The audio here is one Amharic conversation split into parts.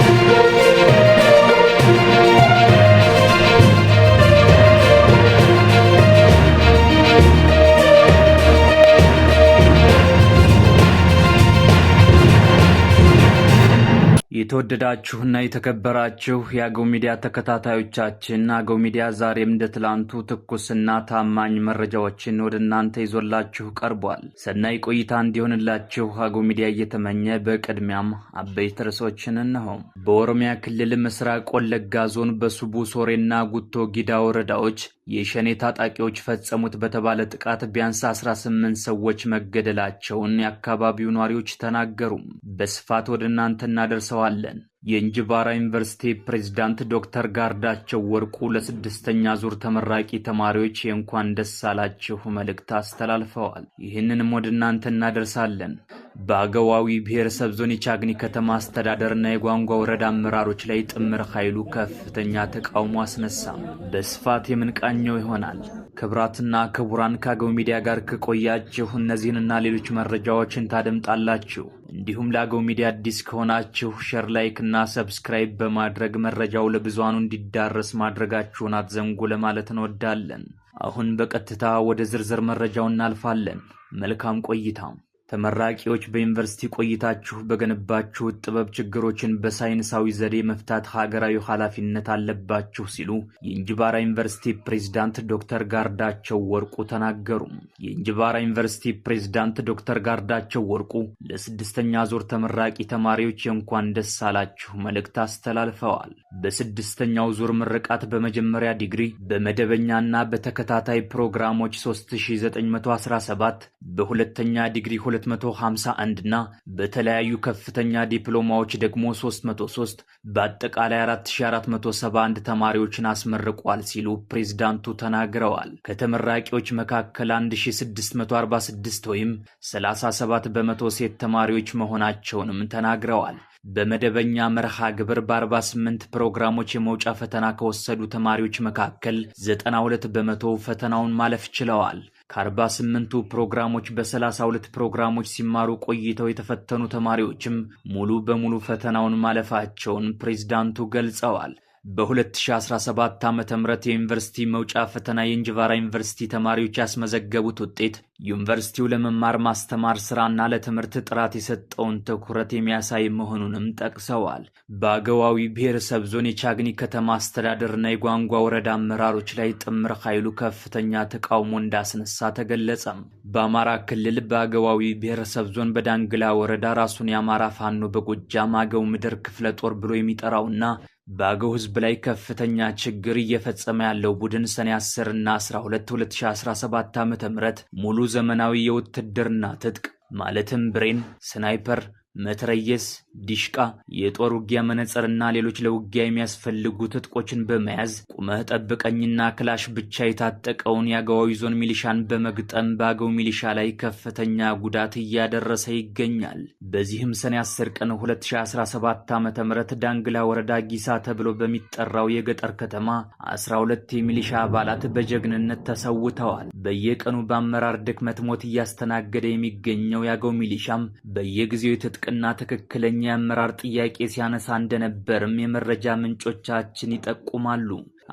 Música የተወደዳችሁና የተከበራችሁ የአገው ሚዲያ ተከታታዮቻችን አገው ሚዲያ ዛሬም እንደ ትላንቱ ትኩስና ታማኝ መረጃዎችን ወደ እናንተ ይዞላችሁ ቀርቧል። ሰናይ ቆይታ እንዲሆንላችሁ አገው ሚዲያ እየተመኘ በቅድሚያም አበይት ርዕሶችን እነሆ። በኦሮሚያ ክልል ምስራቅ ወለጋ ዞን በሱቡ ሶሬና ጉቶ ጊዳ ወረዳዎች የሸኔ ታጣቂዎች ፈጸሙት በተባለ ጥቃት ቢያንስ 18 ሰዎች መገደላቸውን የአካባቢው ነዋሪዎች ተናገሩ። በስፋት ወደ እናንተ እናደርሰዋለን። የእንጅባራ ዩኒቨርሲቲ ፕሬዝዳንት ዶክተር ጋርዳቸው ወርቁ ለስድስተኛ ዙር ተመራቂ ተማሪዎች የእንኳን ደስ አላችሁ መልእክት አስተላልፈዋል። ይህንንም ወደ እናንተ እናደርሳለን። በአገዋዊ ብሔረሰብ ዞን የቻግኒ ከተማ አስተዳደርና የጓንጓ ወረዳ አመራሮች ላይ ጥምር ኃይሉ ከፍተኛ ተቃውሞ አስነሳም። በስፋት የምንቃኘው ይሆናል። ክብራትና ክቡራን ከአገው ሚዲያ ጋር ከቆያችሁ እነዚህንና ሌሎች መረጃዎችን ታደምጣላችሁ። እንዲሁም ለአገው ሚዲያ አዲስ ከሆናችሁ ሸር፣ ላይክ እና ሰብስክራይብ በማድረግ መረጃው ለብዙሃኑ እንዲዳረስ ማድረጋችሁን አትዘንጉ ለማለት እንወዳለን። አሁን በቀጥታ ወደ ዝርዝር መረጃው እናልፋለን። መልካም ቆይታም ተመራቂዎች በዩኒቨርሲቲ ቆይታችሁ በገነባችሁት ጥበብ ችግሮችን በሳይንሳዊ ዘዴ መፍታት ሀገራዊ ኃላፊነት አለባችሁ ሲሉ የእንጅባራ ዩኒቨርሲቲ ፕሬዝዳንት ዶክተር ጋርዳቸው ወርቁ ተናገሩ። የእንጅባራ ዩኒቨርሲቲ ፕሬዝዳንት ዶክተር ጋርዳቸው ወርቁ ለስድስተኛ ዙር ተመራቂ ተማሪዎች የእንኳን ደስ አላችሁ መልእክት አስተላልፈዋል። በስድስተኛው ዙር ምርቃት በመጀመሪያ ዲግሪ በመደበኛና በተከታታይ ፕሮግራሞች 3917 በሁለተኛ ዲግሪ 251 እና በተለያዩ ከፍተኛ ዲፕሎማዎች ደግሞ 303 በአጠቃላይ 4471 ተማሪዎችን አስመርቋል ሲሉ ፕሬዝዳንቱ ተናግረዋል። ከተመራቂዎች መካከል 1646 ወይም 37 በመቶ ሴት ተማሪዎች መሆናቸውንም ተናግረዋል። በመደበኛ መርሃ ግብር በ48 ፕሮግራሞች የመውጫ ፈተና ከወሰዱ ተማሪዎች መካከል 92 በመቶ ፈተናውን ማለፍ ችለዋል። ከአርባ ስምንቱ ፕሮግራሞች በሰላሳ ሁለት ፕሮግራሞች ሲማሩ ቆይተው የተፈተኑ ተማሪዎችም ሙሉ በሙሉ ፈተናውን ማለፋቸውን ፕሬዝዳንቱ ገልጸዋል። በ2017 ዓ ም የዩኒቨርሲቲ መውጫ ፈተና የእንጅባራ ዩኒቨርሲቲ ተማሪዎች ያስመዘገቡት ውጤት ዩኒቨርሲቲው ለመማር ማስተማር ስራና ለትምህርት ጥራት የሰጠውን ትኩረት የሚያሳይ መሆኑንም ጠቅሰዋል። በአገዋዊ ብሔረሰብ ዞን የቻግኒ ከተማ አስተዳደርና የጓንጓ ወረዳ አመራሮች ላይ ጥምር ኃይሉ ከፍተኛ ተቃውሞ እንዳስነሳ ተገለጸም። በአማራ ክልል በአገዋዊ ብሔረሰብ ዞን በዳንግላ ወረዳ ራሱን የአማራ ፋኖ በጎጃም አገው ምድር ክፍለ ጦር ብሎ የሚጠራውና በአገው ህዝብ ላይ ከፍተኛ ችግር እየፈጸመ ያለው ቡድን ሰኔ 10 እና 12 2017 ዓ ም ሙሉ ዘመናዊ የውትድርና ትጥቅ ማለትም ብሬን፣ ስናይፐር መትረየስ፣ ዲሽቃ፣ የጦር ውጊያ መነጽርና ሌሎች ለውጊያ የሚያስፈልጉ ትጥቆችን በመያዝ ቁመህ ጠብቀኝና ክላሽ ብቻ የታጠቀውን የአገዋዊ ዞን ሚሊሻን በመግጠም በአገው ሚሊሻ ላይ ከፍተኛ ጉዳት እያደረሰ ይገኛል። በዚህም ሰኔ 10 ቀን 2017 ዓ ም ዳንግላ ወረዳ ጊሳ ተብሎ በሚጠራው የገጠር ከተማ 12 የሚሊሻ አባላት በጀግንነት ተሰውተዋል። በየቀኑ በአመራር ድክመት ሞት እያስተናገደ የሚገኘው የአገው ሚሊሻም በየጊዜው ትጥቅና ትክክለኛ የአመራር ጥያቄ ሲያነሳ እንደነበርም የመረጃ ምንጮቻችን ይጠቁማሉ።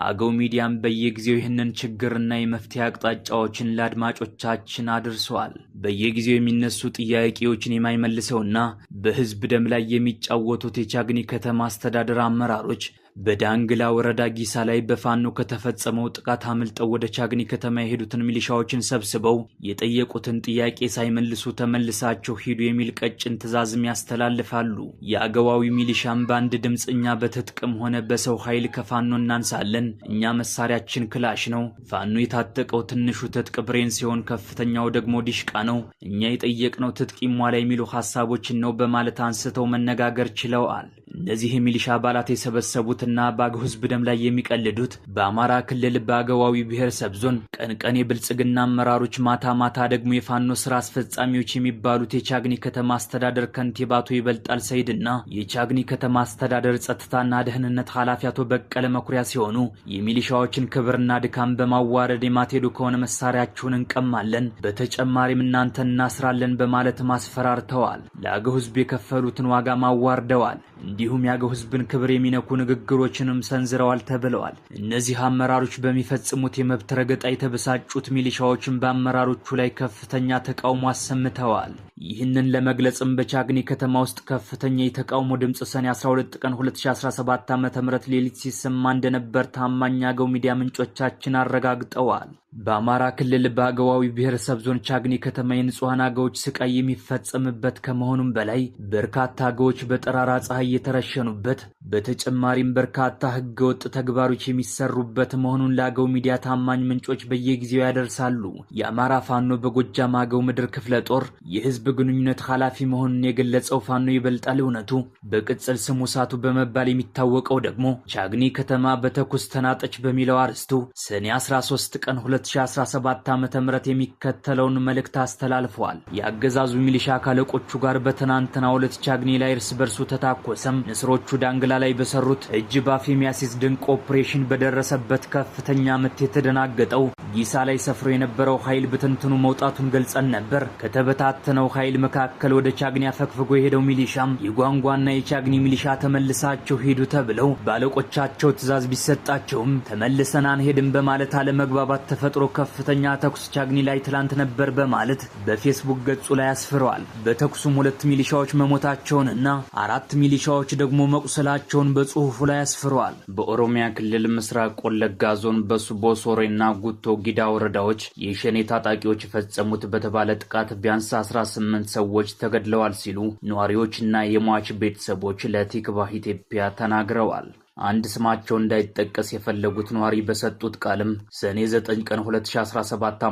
አገው ሚዲያም በየጊዜው ይህንን ችግርና የመፍትሄ አቅጣጫዎችን ለአድማጮቻችን አድርሰዋል። በየጊዜው የሚነሱ ጥያቄዎችን የማይመልሰውና በሕዝብ ደም ላይ የሚጫወቱት የቻግኒ ከተማ አስተዳደር አመራሮች በዳንግላ ወረዳ ጊሳ ላይ በፋኖ ከተፈጸመው ጥቃት አምልጠው ወደ ቻግኒ ከተማ የሄዱትን ሚሊሻዎችን ሰብስበው የጠየቁትን ጥያቄ ሳይመልሱ ተመልሳቸው ሂዱ የሚል ቀጭን ትዕዛዝም ያስተላልፋሉ። የአገባዊ ሚሊሻም በአንድ ድምፅ እኛ በትጥቅም ሆነ በሰው ኃይል ከፋኖ እናንሳለን፣ እኛ መሳሪያችን ክላሽ ነው። ፋኖ የታጠቀው ትንሹ ትጥቅ ብሬን ሲሆን ከፍተኛው ደግሞ ዲሽቃ ነው። እኛ የጠየቅነው ትጥቅ ይሟላ የሚሉ ሀሳቦችን ነው በማለት አንስተው መነጋገር ችለዋል። እነዚህ የሚሊሻ አባላት የሰበሰቡትና በአገው ህዝብ ደም ላይ የሚቀልዱት በአማራ ክልል በአገዋዊ ብሔረሰብ ዞን ቀንቀኔ ብልጽግና የብልጽግና አመራሮች፣ ማታ ማታ ደግሞ የፋኖ ስራ አስፈጻሚዎች የሚባሉት የቻግኒ ከተማ አስተዳደር ከንቲባ አቶ ይበልጣል ሰይድና የቻግኒ ከተማ አስተዳደር ጸጥታና ደህንነት ኃላፊ አቶ በቀለ መኩሪያ ሲሆኑ የሚሊሻዎችን ክብርና ድካም በማዋረድ የማትሄዱ ከሆነ መሳሪያችሁን እንቀማለን፣ በተጨማሪም እናንተ እናስራለን በማለት ማስፈራርተዋል። ለአገው ህዝብ የከፈሉትን ዋጋ ማዋርደዋል። እንዲ እንዲሁም የአገው ህዝብን ክብር የሚነኩ ንግግሮችንም ሰንዝረዋል ተብለዋል። እነዚህ አመራሮች በሚፈጽሙት የመብት ረገጣ የተበሳጩት ሚሊሻዎችን በአመራሮቹ ላይ ከፍተኛ ተቃውሞ አሰምተዋል። ይህንን ለመግለጽም በቻግኒ ከተማ ውስጥ ከፍተኛ የተቃውሞ ድምፅ ሰኔ 12 ቀን 2017 ዓ ም ሌሊት ሲሰማ እንደነበር ታማኝ አገው ሚዲያ ምንጮቻችን አረጋግጠዋል። በአማራ ክልል በአገዋዊ ብሔረሰብ ዞን ቻግኒ ከተማ የንጹሐን አገዎች ስቃይ የሚፈጸምበት ከመሆኑም በላይ በርካታ አገዎች በጠራራ ፀሐይ የተረሸኑበት በተጨማሪም በርካታ ህገወጥ ተግባሮች የሚሰሩበት መሆኑን ለአገው ሚዲያ ታማኝ ምንጮች በየጊዜው ያደርሳሉ። የአማራ ፋኖ በጎጃም አገው ምድር ክፍለ ጦር የህዝብ ግንኙነት ኃላፊ መሆኑን የገለጸው ፋኖ ይበልጣል እውነቱ በቅጽል ስሙ ሳቱ በመባል የሚታወቀው ደግሞ ቻግኒ ከተማ በተኩስ ተናጠች በሚለው አርስቱ ሰኔ 13 ቀን 2017 ዓ ም የሚከተለውን መልእክት አስተላልፈዋል። የአገዛዙ ሚሊሻ ካለቆቹ ጋር በትናንትናው ዕለት ቻግኒ ላይ እርስ በርሱ ተታኮሰም። ንስሮቹ ዳንግላ ላይ በሰሩት እጅ ባፍ የሚያስይዝ ድንቅ ኦፕሬሽን በደረሰበት ከፍተኛ ምት የተደናገጠው ጊሳ ላይ ሰፍሮ የነበረው ኃይል ብትንትኑ መውጣቱን ገልጸን ነበር። ከተበታተነው ኃይል መካከል ወደ ቻግኒ አፈግፍጎ የሄደው ሚሊሻም የጓንጓና የቻግኒ ሚሊሻ ተመልሳቸው ሄዱ ተብለው ባለቆቻቸው ትዕዛዝ ቢሰጣቸውም ተመልሰን አንሄድም በማለት አለመግባባት ተፈጥሮ የተፈጥሮ ከፍተኛ ተኩስ ቻግኒ ላይ ትላንት ነበር በማለት በፌስቡክ ገጹ ላይ አስፍረዋል። በተኩሱም ሁለት ሚሊሻዎች መሞታቸውንና አራት ሚሊሻዎች ደግሞ መቁሰላቸውን በጽሁፉ ላይ አስፍረዋል። በኦሮሚያ ክልል ምስራቅ ቆለጋ ዞን በሱቦ ሶሬና ጉቶ ጊዳ ወረዳዎች የሸኔ ታጣቂዎች የፈጸሙት በተባለ ጥቃት ቢያንስ 18 ሰዎች ተገድለዋል ሲሉ ነዋሪዎችና የሟች ቤተሰቦች ለቲክባህ ኢትዮጵያ ተናግረዋል። አንድ ስማቸው እንዳይጠቀስ የፈለጉት ነዋሪ በሰጡት ቃልም ሰኔ 9 ቀን 2017 ዓ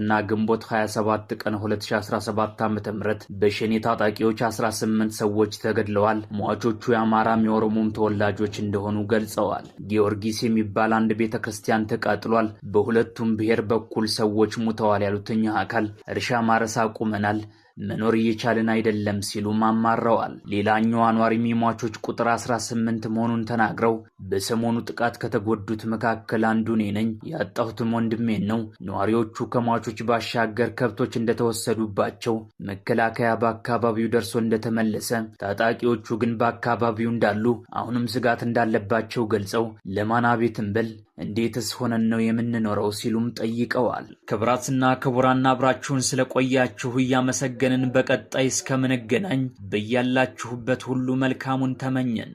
እና ግንቦት 27 ቀን 2017 ዓ ም በሸኔ ታጣቂዎች 18 ሰዎች ተገድለዋል። ሟቾቹ የአማራም የኦሮሞም ተወላጆች እንደሆኑ ገልጸዋል። ጊዮርጊስ የሚባል አንድ ቤተ ክርስቲያን ተቃጥሏል፣ በሁለቱም ብሔር በኩል ሰዎች ሙተዋል ያሉትኛ አካል እርሻ ማረስ አቁመናል መኖር እየቻልን አይደለም ሲሉም አማረዋል። ሌላኛው አኗሪ የሟቾች ቁጥር 18 መሆኑን ተናግረው በሰሞኑ ጥቃት ከተጎዱት መካከል አንዱ እኔ ነኝ፣ ያጣሁትም ወንድሜን ነው። ነዋሪዎቹ ከሟቾች ባሻገር ከብቶች እንደተወሰዱባቸው፣ መከላከያ በአካባቢው ደርሶ እንደተመለሰ፣ ታጣቂዎቹ ግን በአካባቢው እንዳሉ አሁንም ስጋት እንዳለባቸው ገልጸው ለማን አቤት እንበል እንዴትስ ሆነን ነው የምንኖረው ሲሉም ጠይቀዋል። ክብራትና ክቡራን አብራችሁን ስለቆያችሁ እያመሰገንን በቀጣይ እስከምንገናኝ በያላችሁበት ሁሉ መልካሙን ተመኘን።